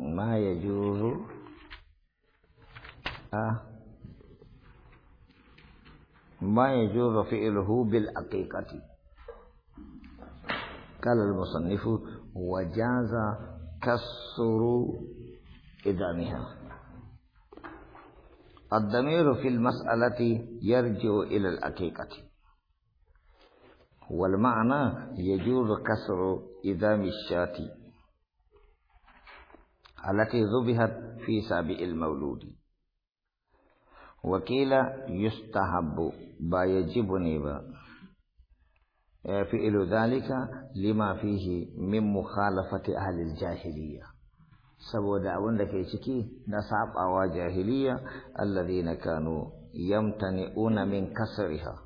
ما يجوز ما يجوز فعله بالحقيقة قال المصنف وجاز كسر إدامها الضمير في المسألة يرجع إلى الحقيقة والمعنى يجوز كسر إدام الشاة التي ذبحت في سابئ المولود وكيل يستحب با يجب نيبا آه، فعل ذلك لما فيه من مخالفة أهل الجاهلية سبو دعوان لك يشكي نصعب أوا جاهلية الذين كانوا يمتنئون من كسرها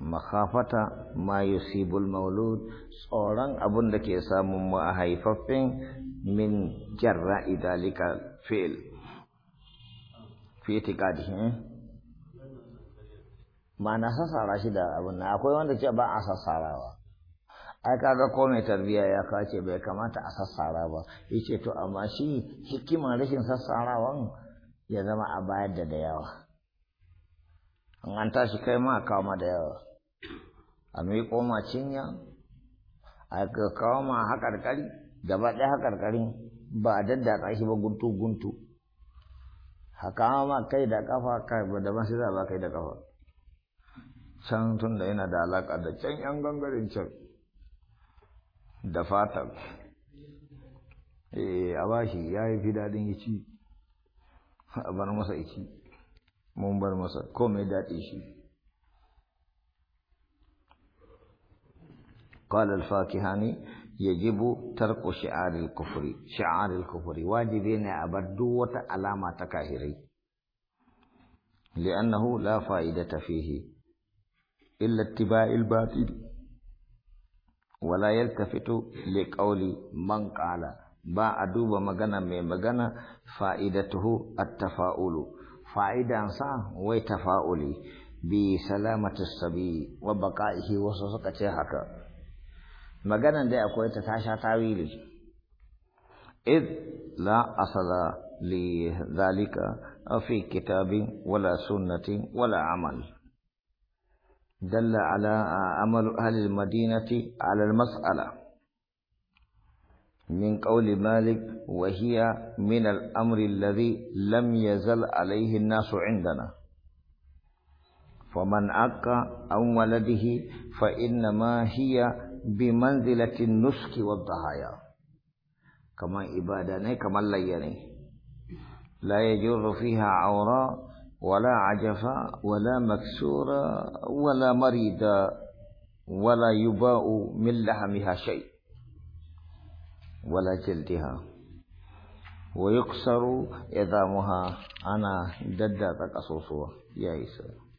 مخافة ما يصيب المولود سوران أبن لك يسام ما أهيففين min جراء ذلك fil. في اعتقادهم Mana na shi da abin nan akwai wanda ce ba a sassarawa ai kaga ko mai tarbiyya ya kace bai kamata a sassara ba yace to amma shi hikiman rashin sassarawan ya zama a bayar da da yawa an tashi kai ma kawo da yawa a miƙo ma cinya a kawo ma haƙarƙari gaba ɗaya haƙarƙarin ba a daddaka shi ba guntu-guntu haka ma kai da ƙafa ka ba da sai ba kai da ƙafa can tun da yana da alaƙa da can yan gangarin can da fatan eh a bashi ya yi fi daɗin ici a bar masa ici mun bar masa komai daɗi shi قال الفاكهاني يجب ترك شعار الكفر شعار الكفر واجبين أبردو وتعلامة تكاهري لأنه لا فائدة فيه إلا اتباع الباطل ولا يلتفت لقول من قال با أدوب مغنى من مغنى فائدته التفاؤل فائدة أنسى ويتفاؤلي بسلامة الصبي وبقائه وسوسكته هكذا maganan da akwai ta tasha tawili إذ لا أصل لذلك في كتاب ولا سنة ولا عمل دل على عمل أهل المدينة على المسألة من قول مالك وهي من الأمر الذي لم يزل عليه الناس عندنا فمن عق عن ولده فإنما هي بمنزلة النسك والضحايا كما عبادة كما ليني لا يجر فيها عورة ولا عجفة ولا مكسورة ولا مريدا ولا يباء من لحمها شيء ولا جلدها ويقصر عظامها أنا ددات قصصها يا إسرائيل